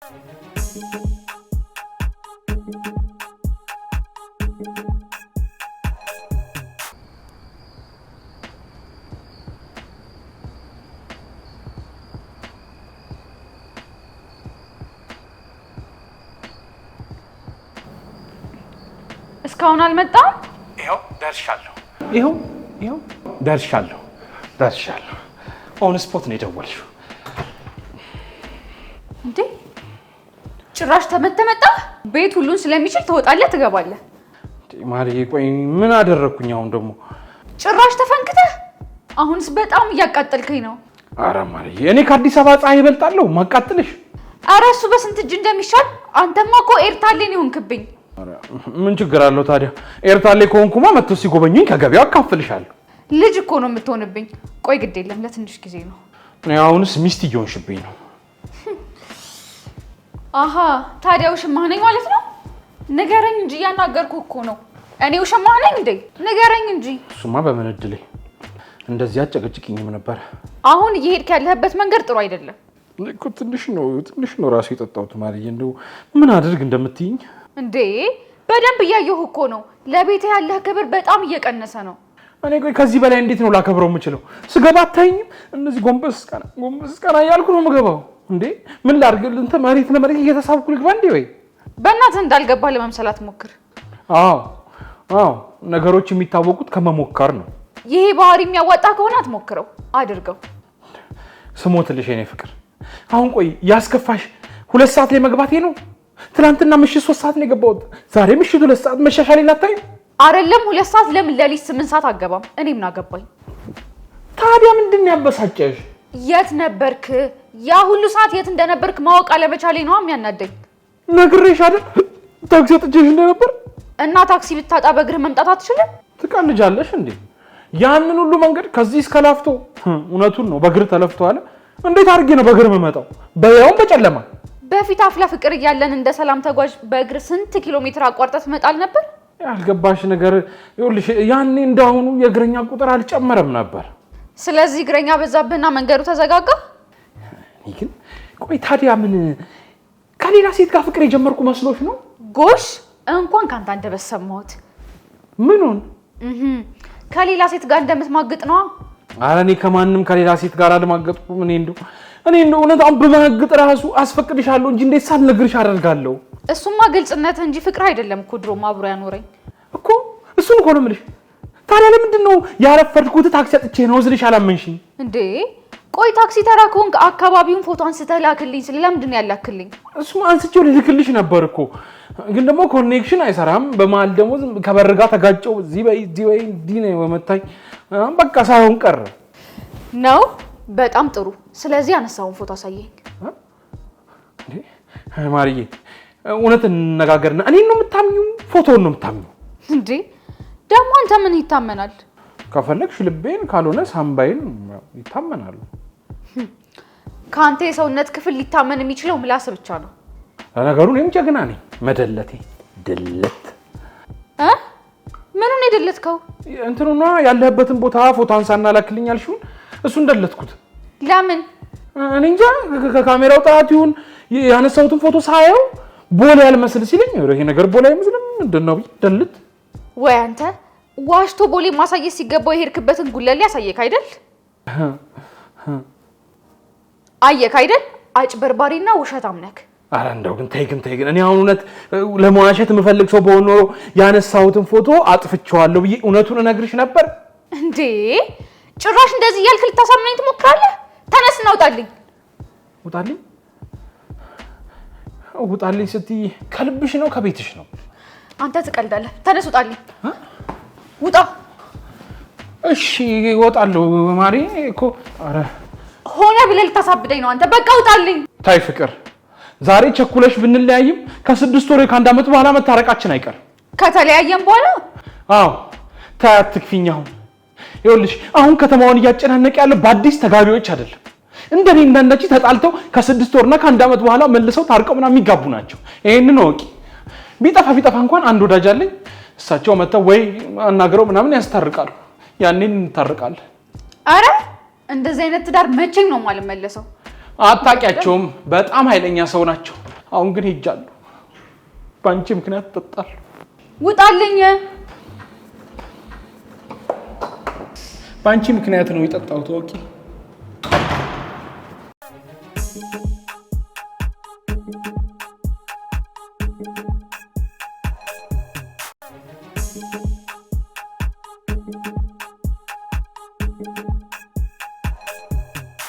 እስካሁን አልመጣም። ይኸው ደርሻለሁ። ይኸው ይኸው ደርሻለሁ ደርሻለሁ። ኦን ስፖት ነው የደወልሽው። ጭራሽ ተመተመጣ ቤት ሁሉን ስለሚችል ትወጣለህ፣ ትገባለህ። ማርዬ ቆይ ምን አደረግኩኝ? አሁን ደግሞ ጭራሽ ተፈንክተህ፣ አሁንስ በጣም እያቃጠልከኝ ነው። አረ ማርዬ እኔ ከአዲስ አበባ ፀሐይ ይበልጣለሁ ማቃጥልሽ። አረ እሱ በስንት እጅ እንደሚሻል አንተማ እኮ ኤርታሌን ይሆንክብኝ። ምን ችግር አለው ታዲያ? ኤርታሌ ከሆንኩማ መጥቶ ሲጎበኙኝ ከገበያው አካፍልሻለሁ። ልጅ እኮ ነው የምትሆንብኝ። ቆይ ግድ የለም ለትንሽ ጊዜ ነው። አሁንስ ሚስት እየሆንሽብኝ ነው አሀ ታዲያ ውሽማህ ነኝ ማለት ነው? ንገረኝ እንጂ እያናገርኩ እኮ ነው። እኔ ውሽማህ ነኝ እንዴ? ንገረኝ እንጂ። እሱማ በምን እድሌ እንደዚህ አጨቅጭቅኝም ነበር። አሁን እየሄድክ ያለህበት መንገድ ጥሩ አይደለም እኮ። ትንሽ ነው ትንሽ ነው ራሱ የጠጣሁት እንደው ምን አድርግ እንደምትይኝ እንዴ? በደንብ እያየሁ እኮ ነው። ለቤት ያለህ ክብር በጣም እየቀነሰ ነው። እኔ ቆይ ከዚህ በላይ እንዴት ነው ላከብረው የምችለው? ስገባ አታይኝም? እነዚህ ጎንበስ ቀና ጎንበስ ቀና እያልኩ ነው የምገባው እንዴ ምን ላድርግ? እንተ መሬት ለመሬት እየተሳብኩ ልግባ እንዴ? ወይ በእናትህ እንዳልገባህ ለመምሰል አትሞክር። አዎ አዎ፣ ነገሮች የሚታወቁት ከመሞከር ነው። ይሄ ባህሪ የሚያዋጣ ከሆነ አትሞክረው፣ አድርገው። ስሞትልሽ የኔ ፍቅር፣ አሁን ቆይ ያስከፋሽ ሁለት ሰዓት ላይ መግባቴ ነው። ትናንትና ምሽት ሶስት ሰዓት ነው የገባሁት። ዛሬ ምሽት ሁለት ሰዓት መሻሻል ላታይ አይደለም? ሁለት ሰዓት ለምን ለሊት ስምንት ሰዓት አገባም። እኔ ምን አገባኝ ታዲያ? ምንድን ያበሳጨሽ? የት ነበርክ? ያ ሁሉ ሰዓት የት እንደነበርክ ማወቅ አለመቻሌ ነው የሚያናደኝ። ነግሬሽ አይደል ታክሲ አጥቼሽ እንደነበር። እና ታክሲ ብታጣ በእግርህ መምጣት አትችልም? ትቀልጃለሽ እንዴ? ያንን ሁሉ መንገድ ከዚህ እስከ ላፍቶ፣ እውነቱን ነው በእግር ተለፍቶ አለ። እንዴት አድርጌ ነው በእግር የምመጣው? በያውም በጨለማ። በፊት አፍላ ፍቅር እያለን እንደ ሰላም ተጓዥ በእግር ስንት ኪሎ ሜትር አቋርጠ ትመጣል ነበር። ያልገባሽ ነገር ይኸውልሽ፣ ያኔ እንዳሁኑ የእግረኛ ቁጥር አልጨመረም ነበር። ስለዚህ እግረኛ በዛብህና መንገዱ ተዘጋጋ። ግን ቆይ ታዲያ ምን ከሌላ ሴት ጋር ፍቅር የጀመርኩ መስሎሽ ነው? ጎሽ እንኳን ከአንተ አንደበት ሰማሁት። ምኑን? ከሌላ ሴት ጋር እንደምትማግጥ ነዋ። አረ እኔ ከማንም ከሌላ ሴት ጋር አልማገጥኩም። እኔ እንደው እኔ እንደው እውነታውን በማግጥ ራሱ አስፈቅድሻለሁ እንጂ እንዴት ሳልነግርሽ አደርጋለሁ። እሱማ ግልጽነት እንጂ ፍቅር አይደለም እኮ ድሮም አብሮ ያኖረኝ እኮ እሱን እኮ ነው የምልሽ። ታዲያ ለምንድን ነው ያረፈድኩት? ታክሲ አጥቼ ነው ስልሽ አላመንሽኝ እንዴ? ቆይ ታክሲ ተራ ከሆንክ አካባቢውን ፎቶ አንስተህ ላክልኝ። ስለምንድን ያላክልኝ? እሱም አንስቼው ልልክልሽ ነበር እኮ ግን ደግሞ ኮኔክሽን አይሰራም። በመሀል ደግሞ ከበር ጋር ተጋጨው። እዚህ በይ እዚህ በይ እንዲህ ነው የመታኝ። በቃ ሳይሆን ቀረ ነው። በጣም ጥሩ። ስለዚህ አነሳውን ፎቶ አሳየኝ። ማርዬ እውነት እንነጋገርና እኔን ነው የምታምኙ? ፎቶውን ነው የምታምኙ እንዴ? ደግሞ አንተ ምን ይታመናል? ከፈለግሽ ልቤን፣ ካልሆነ ሳምባይን ይታመናሉ። ከአንተ የሰውነት ክፍል ሊታመን የሚችለው ምላስ ብቻ ነው። ለነገሩ እኔም ጀግና ነኝ። መደለቴ ድለት ምኑን የደለትከው? እንትኑና ያለህበትን ቦታ ፎቶ አንሳና ላክልኝ አልሽውን እሱን ደለትኩት። ለምን? እኔ እንጃ። ከካሜራው ጥራት ይሁን ያነሳሁትን ፎቶ ሳየው ቦሌ ያልመስል ሲለኝ ይሄ ነገር ቦሌ አይመስልም ምንድን ነው ደልት። ወይ አንተ ዋሽቶ ቦሌ ማሳየት ሲገባው የሄድክበትን ጉለሌ ያሳየክ አይደል? አየክ አይደል አጭበርባሪና ውሸታም ነክ። አረ እንደው ግን ተይ ግን ተይ ግን እኔ አሁን እውነት ለመዋሸት የምፈልግ ሰው በሆን ኖሮ ያነሳሁትን ፎቶ አጥፍቼዋለሁ ብዬ እውነቱን እነግርሽ ነበር እንዴ። ጭራሽ እንደዚህ እያልክ ልታሳምነኝ ትሞክራለህ? ተነስ እና ውጣልኝ። ውጣልኝ ውጣልኝ ስትይ ከልብሽ ነው ከቤትሽ ነው? አንተ ትቀልዳለህ። ተነስ ውጣልኝ። ውጣ። እሺ እወጣለሁ ማሪ እኮ አረ ሆነ ብለህ ልታሳብደኝ ነው አንተ። በቃ ውጣልኝ። ታይ ፍቅር፣ ዛሬ ቸኩለሽ ብንለያይም ከስድስት ወር ከአንድ ዓመት በኋላ መታረቃችን አይቀርም። ከተለያየም በኋላ አዎ። ታይ አትክፊኝ። አሁን ይኸውልሽ፣ አሁን ከተማውን እያጨናነቀ ያለው በአዲስ ተጋቢዎች አይደለም እንደኔ እንዳንዳች ተጣልተው ከስድስት ወርና ከአንድ ዓመት በኋላ መልሰው ታርቀው ምናምን የሚጋቡ ናቸው። ይህንን ወቂ። ቢጠፋ ቢጠፋ እንኳን አንድ ወዳጅ አለኝ። እሳቸው መጥተው ወይ አናግረው ምናምን ያስታርቃሉ። ያኔን እንታርቃለን። አረ እንደዚህ አይነት ትዳር መቼም ነው የማልመለሰው። አታውቂያቸውም። በጣም ኃይለኛ ሰው ናቸው። አሁን ግን ሄጃለሁ። በአንቺ ምክንያት ጠጣል። ውጣልኝ። በአንቺ ምክንያት ነው የጠጣው። ታወቂ